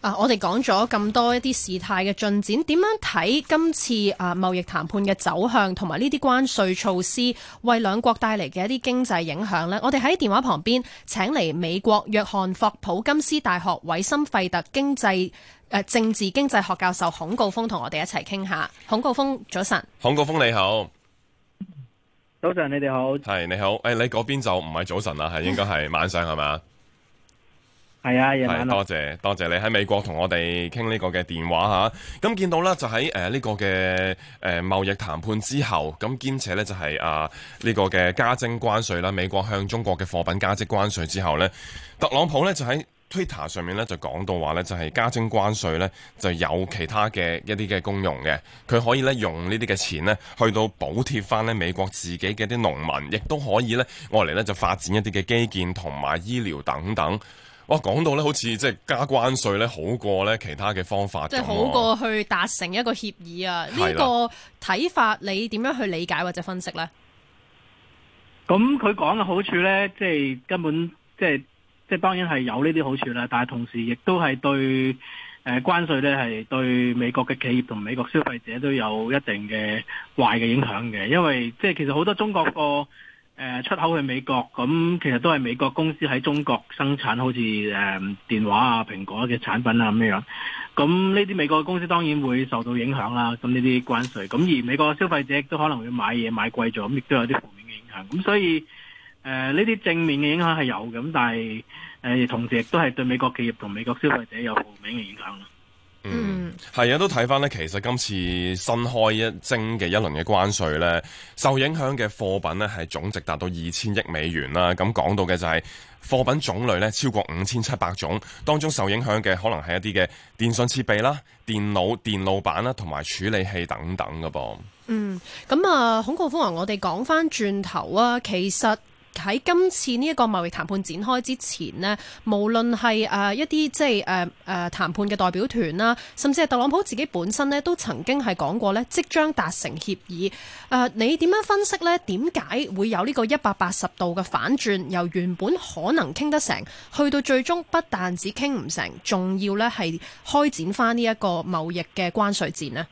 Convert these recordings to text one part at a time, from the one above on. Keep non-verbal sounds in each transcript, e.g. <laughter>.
啊！我哋講咗咁多一啲事態嘅進展，點樣睇今次啊貿易談判嘅走向，同埋呢啲關稅措施為兩國帶嚟嘅一啲經濟影響呢？我哋喺電話旁邊請嚟美國約翰霍普普金斯大學韋森費特經濟誒、呃、政治經濟學教授孔誥烽同我哋一齊傾下。孔誥烽，早晨。孔誥烽你好，早晨你哋好。係你好，誒、哎、你嗰邊就唔係早晨啦，係應該係晚上係嘛？ <laughs> 係啊係，多謝多謝你喺美國同我哋傾呢個嘅電話吓。咁、啊、見到啦就喺誒呢個嘅誒、呃、貿易談判之後，咁兼且呢就係啊呢個嘅加徵關稅啦、啊。美國向中國嘅貨品加徵關稅之後呢特朗普，呢就喺 Twitter 上面呢就講到話呢就係加徵關稅呢就有其他嘅一啲嘅功用嘅，佢可以呢用呢啲嘅錢呢去到補貼翻呢美國自己嘅啲農民，亦都可以呢我嚟，呢就發展一啲嘅基建同埋醫療等等。哇，講到咧，好似即係加關稅咧，好過咧其他嘅方法。即係好過去達成一個協議啊！呢對了 個睇法，你點樣去理解或者分析呢？咁佢講嘅好處咧，即係根本即係即係當然係有呢啲好處啦。但係同時亦都係對誒關稅咧，係對美國嘅企業同美國消費者都有一定嘅壞嘅影響嘅，因為即係其實好多中國個。誒出口去美國，咁其實都係美國公司喺中國生產，好似誒、嗯、電話啊、蘋果嘅產品啊咁樣。咁呢啲美國公司當然會受到影響啦。咁呢啲關稅，咁而美國消費者亦都可能會買嘢買貴咗，咁亦都有啲負面嘅影響。咁所以誒呢啲正面嘅影響係有，咁但係、呃、同時亦都係對美國企業同美國消費者有負面嘅影響。嗯，係啊，都睇翻咧。其實今次新開一徵嘅一輪嘅關稅咧，受影響嘅貨品咧係總值達到二千億美元啦。咁講到嘅就係貨品種類咧超過五千七百種，當中受影響嘅可能係一啲嘅電信設備啦、電腦電路板啦、同埋處理器等等㗎噃。嗯，咁啊，孔誥烽啊，我哋講翻轉頭啊，其實。喺今次呢一個貿易談判展開之前呢，無論係誒、呃、一啲即係誒誒談判嘅代表團啦，甚至係特朗普自己本身呢，都曾經係講過呢，即將達成協議。誒、呃，你點樣分析呢？點解會有呢個一百八十度嘅反轉？由原本可能傾得成，去到最終不但只傾唔成，仲要呢係開展翻呢一個貿易嘅關稅戰呢？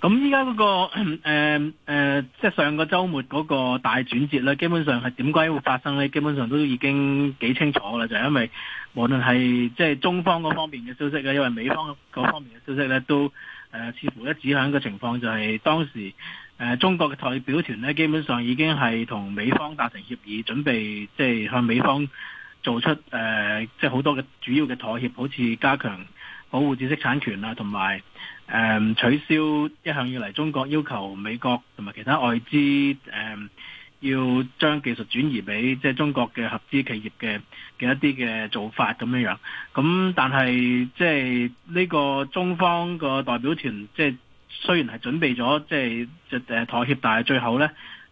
咁依家嗰個誒、呃呃、即係上個週末嗰個大轉折咧，基本上係點解會發生咧？基本上都已經幾清楚啦，就係、是、因為無論係即係中方嗰方面嘅消息咧，因為美方嗰方面嘅消息咧，都誒、呃、似乎一指向一個情況，就係、是、當時誒、呃、中國嘅代表團咧，基本上已經係同美方達成協議，準備即係、就是、向美方做出誒即係好多嘅主要嘅妥協，好似加強。保護知識產權啦，同埋誒取消一向以嚟中國要求美國同埋其他外資誒、嗯、要將技術轉移俾即、就是、中國嘅合資企業嘅嘅一啲嘅做法咁樣樣。咁但係即係呢個中方個代表團即係、就是、雖然係準備咗即係誒妥協，但係最後呢。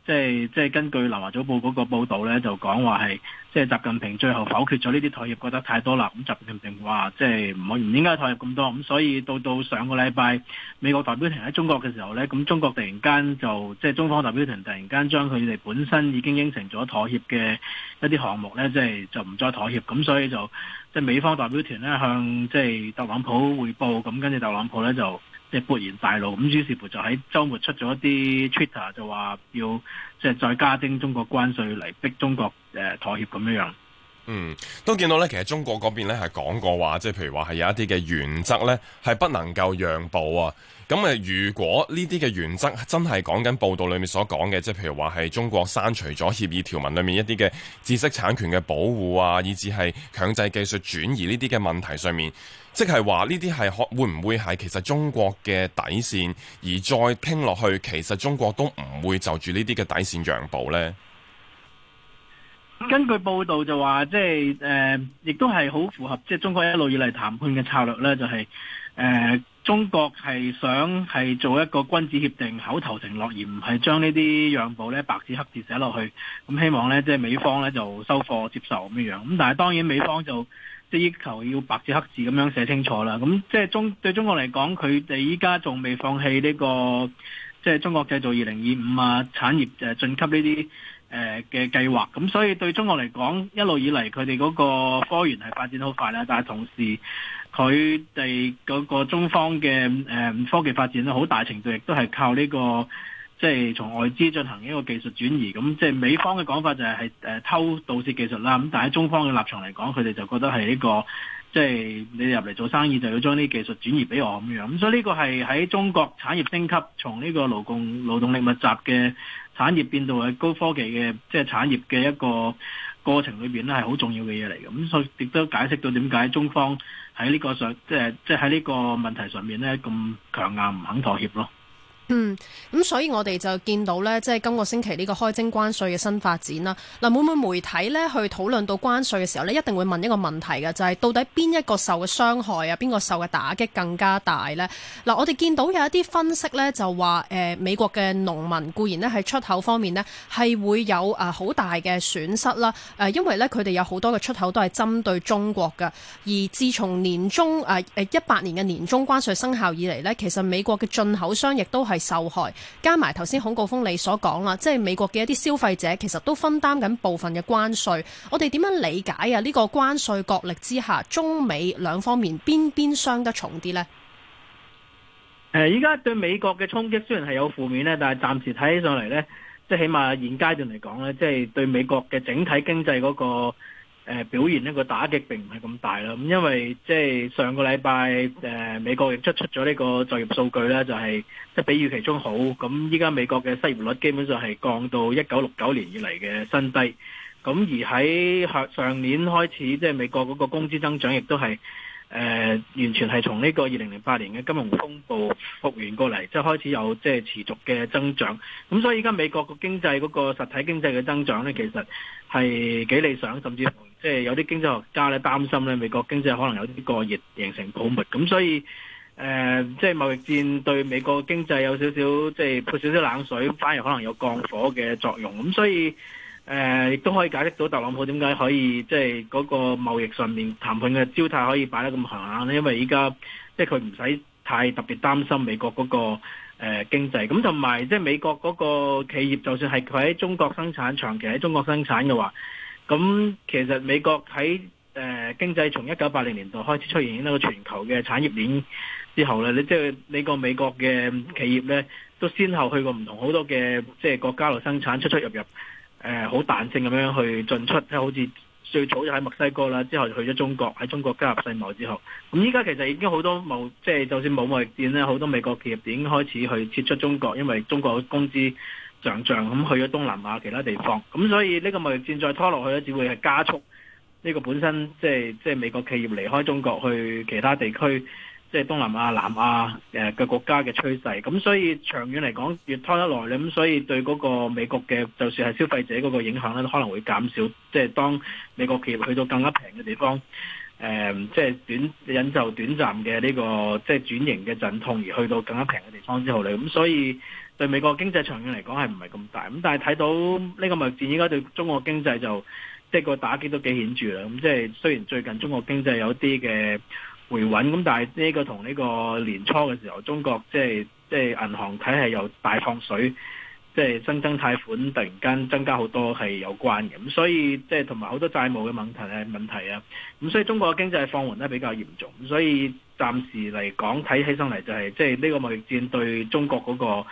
即係即係根據《南華早報》嗰個報導咧，就講話係即係習近平最後否決咗呢啲妥協，覺得太多啦。咁習近平話：即係唔好唔應該妥協咁多。咁所以到到上個禮拜，美國代表團喺中國嘅時候咧，咁中國突然間就即係中方代表團突然間將佢哋本身已經應承咗妥協嘅一啲項目咧，即係就唔再妥協。咁所以就即係美方代表團咧向即係特朗普匯報，咁跟住特朗普咧就。勃然大怒，咁於是乎就喺週末出咗一啲 Twitter 就話要即係再加徵中國關稅嚟逼中國誒妥協咁樣。嗯，都見到咧，其實中國嗰邊咧係講過話，即係譬如話係有一啲嘅原則咧係不能夠讓步啊。咁誒，如果呢啲嘅原則真係講緊報道裡面所講嘅，即係譬如話係中國刪除咗協議條文裡面一啲嘅知識產權嘅保護啊，以至係強制技術轉移呢啲嘅問題上面。即係話呢啲係可會唔會係其實中國嘅底線，而再傾落去，其實中國都唔會就住呢啲嘅底線讓步呢？根據報道就話，即係誒、呃，亦都係好符合即係中國一路以嚟談判嘅策略呢，就係、是、誒、呃、中國係想係做一個君子協定、口頭承諾，而唔係將呢啲讓步呢白紙黑字寫落去。咁、嗯、希望呢，即係美方呢就收貨接受咁樣樣。咁但係當然美方就即係要求要白字黑字咁樣寫清楚啦，咁即係中對中國嚟講，佢哋依家仲未放棄呢、這個即係、就是、中國製造二零二五啊產業誒進級呢啲誒嘅計劃，咁所以對中國嚟講，一路以嚟佢哋嗰個科研係發展好快啦，但係同時佢哋嗰個中方嘅誒、呃、科技發展好大程度亦都係靠呢、這個。即係從外資進行一個技術轉移，咁即係美方嘅講法就係係誒偷盜竊技術啦，咁但係中方嘅立場嚟講，佢哋就覺得係呢個即係你入嚟做生意就要將啲技術轉移俾我咁樣，咁所以呢個係喺中國產業升級從呢個勞動勞動力密集嘅產業變到係高科技嘅即係產業嘅一個過程裏邊咧係好重要嘅嘢嚟嘅，咁所以亦都解釋到點解中方喺呢個上即係即係喺呢個問題上面咧咁強硬，唔肯妥協咯。嗯，咁、嗯、所以我哋就見到咧，即係今個星期呢個開徵關稅嘅新發展啦。嗱，每每媒體咧去討論到關稅嘅時候咧，一定會問一個問題嘅，就係、是、到底邊一個受嘅傷害啊，邊個受嘅打擊更加大咧？嗱、嗯，我哋見到有一啲分析咧，就話誒、呃、美國嘅農民固然咧喺出口方面咧係會有啊好、呃、大嘅損失啦，誒、呃、因為咧佢哋有好多嘅出口都係針對中國嘅，而自從年中誒誒一八年嘅年中關稅生效以嚟咧，其實美國嘅進口商亦都係。受害加埋頭先，孔誥烽你所講啦，即係美國嘅一啲消費者其實都分擔緊部分嘅關稅。我哋點樣理解啊？呢、這個關稅角力之下，中美兩方面邊邊相得重啲呢？誒，依家對美國嘅衝擊雖然係有負面呢，但係暫時睇起上嚟呢，即係起碼現階段嚟講呢，即係對美國嘅整體經濟嗰、那個。誒、呃、表現呢個打擊並唔係咁大啦，咁因為即係上個禮拜誒美國亦出出咗呢個就業數據咧，就係即係比預期中好。咁依家美國嘅失業率基本上係降到一九六九年以嚟嘅新低。咁而喺上年開始，即、就、係、是、美國嗰個工資增長亦都係誒、呃、完全係從呢個二零零八年嘅金融風暴復原過嚟，即、就、係、是、開始有即係持續嘅增長。咁所以依家美國個經濟嗰、那個實體經濟嘅增長咧，其實係幾理想，甚至乎。即係有啲經濟學家咧擔心咧美國經濟可能有啲過熱，形成泡沫。咁所以誒、呃，即係貿易戰對美國經濟有少少，即係潑少少冷水，反而可能有降火嘅作用。咁所以誒，亦、呃、都可以解釋到特朗普點解可以即係嗰、那個貿易上面談判嘅焦態可以擺得咁行咧，因為依家即係佢唔使太特別擔心美國嗰、那個誒、呃、經濟。咁同埋即係美國嗰個企業，就算係佢喺中國生產，長期喺中國生產嘅話，咁其實美國喺誒、呃、經濟從一九八零年代開始出現呢個全球嘅產業鏈之後咧，你即係你個美國嘅企業咧，都先後去過唔同好多嘅即係國家度生產出出入入誒好、呃、彈性咁樣去進出，即係好似最早就喺墨西哥啦，之後去咗中國，喺中國加入世貿之後，咁依家其實已經好多冇即係就算冇貿易戰咧，好多美國企業已經開始去撤出中國，因為中國嘅工資。像咁去咗東南亞其他地方，咁所以呢個貿易戰再拖落去呢，只會係加速呢個本身即係即係美國企業離開中國去其他地區，即係東南亞、南亞誒嘅國家嘅趨勢。咁所以長遠嚟講，越拖得耐咁所以對嗰個美國嘅，就算係消費者嗰個影響呢可能會減少。即係當美國企業去到更加平嘅地方，誒即係短、忍受短暫嘅呢個即係轉型嘅陣痛，而去到更加平嘅地方之後呢咁所以。對美國經濟長遠嚟講係唔係咁大，咁但係睇到呢個貿易戰應該對中國經濟就即係個打擊都幾顯著啦。咁即係雖然最近中國經濟有啲嘅回穩，咁但係呢個同呢個年初嘅時候中國即係即係銀行體系又大放水，即係新增貸款突然間增加好多係有關嘅。咁所以即係同埋好多債務嘅問題咧問題啊。咁、嗯、所以中國嘅經濟放緩得比較嚴重。所以暫時嚟講睇起上嚟就係即係呢個貿易戰對中國嗰個。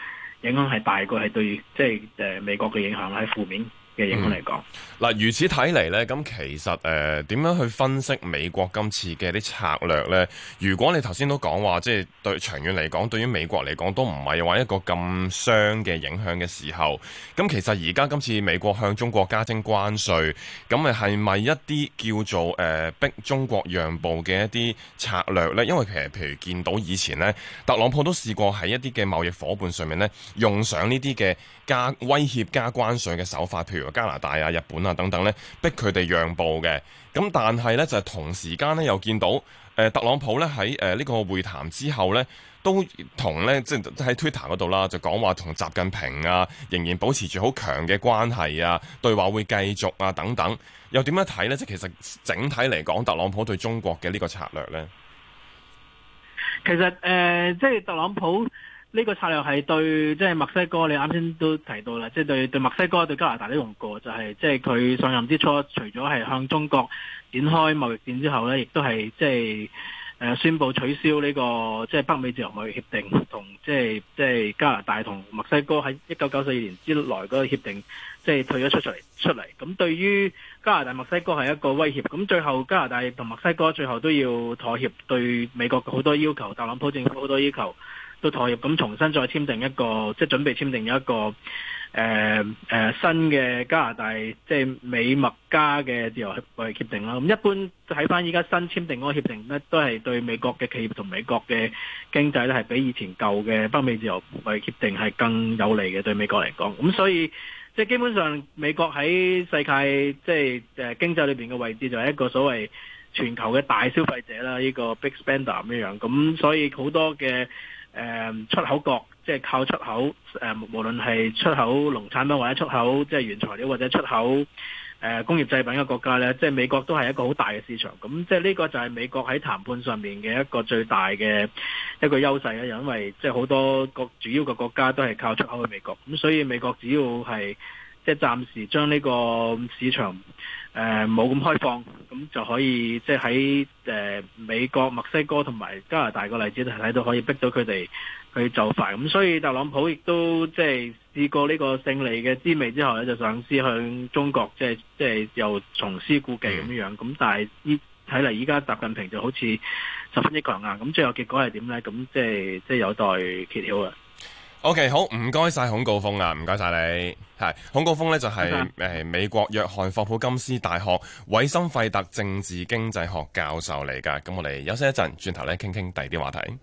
影響係大過係對，即係誒美國嘅影響喺負面。嘅影響嚟講，嗱、呃、如此睇嚟呢，咁其實誒點、呃、樣去分析美國今次嘅啲策略呢？如果你頭先都講話，即係對長遠嚟講，對於美國嚟講都唔係話一個咁傷嘅影響嘅時候，咁其實而家今次美國向中國加徵關稅，咁咪係咪一啲叫做誒、呃、逼中國讓步嘅一啲策略呢？因為其實譬如見到以前呢，特朗普都試過喺一啲嘅貿易夥伴上面呢，用上呢啲嘅加威脅加關稅嘅手法。譬如加拿大啊、日本啊等等呢，逼佢哋讓步嘅。咁但係呢，就係同時間呢，又見到誒、呃，特朗普呢喺誒呢個會談之後呢，都同呢，即係喺 Twitter 嗰度啦，就講話同習近平啊，仍然保持住好強嘅關係啊，對話會繼續啊等等。又點樣睇呢？即其實整體嚟講，特朗普對中國嘅呢個策略呢，其實誒、呃，即係特朗普。呢個策略係對，即係墨西哥，你啱先都提到啦，即係對對墨西哥、對加拿大都用過，就係即係佢上任之初，除咗係向中國展開貿易戰之後呢，亦都係即係宣布取消呢個即係北美自由貿易協定，同即係即係加拿大同墨西哥喺一九九四年之內嗰個協定，即係退咗出出嚟出嚟。咁對於加拿大、墨西哥係一個威脅，咁最後加拿大同墨西哥最後都要妥協，對美國好多要求，特朗普政府好多要求。都投入咁重新再簽訂一個，即係準備簽訂一個誒、呃呃、新嘅加拿大即係美墨加嘅自由貿易協定啦。咁一般睇翻依家新簽訂嗰個協定呢，都係對美國嘅企業同美國嘅經濟咧係比以前舊嘅北美自由貿易協定係更有利嘅對美國嚟講。咁所以即係基本上美國喺世界即係誒經濟裏面嘅位置就係一個所謂全球嘅大消費者啦，呢、呢個 big spender 咁樣。咁所以好多嘅。誒出口國，即係靠出口，誒無論係出口農產品或者出口即係原材料或者出口誒工業製品嘅國家呢，即係美國都係一個好大嘅市場。咁即係呢個就係美國喺談判上面嘅一個最大嘅一個優勢啦，因為即係好多個主要嘅國家都係靠出口去美國，咁所以美國只要係。即係暫時將呢個市場誒冇咁開放，咁就可以即係喺誒美國、墨西哥同埋加拿大個例子都睇到可以逼到佢哋去就快。咁所以特朗普亦都即係、就是、試過呢個勝利嘅滋味之後咧，就想試向中國即係即係又重施故技咁樣。咁但係依睇嚟依家習近平就好似十分之強硬。咁最後結果係點咧？咁即係即係有待揭曉啦。O.K. 好，唔該晒孔誥烽啊，唔該晒你，孔誥烽呢就係、是 Okay. 呃、美國約翰霍普金斯大學韋森費特政治經濟學教授嚟㗎，咁我哋休息一陣，轉頭咧傾傾第二啲話題。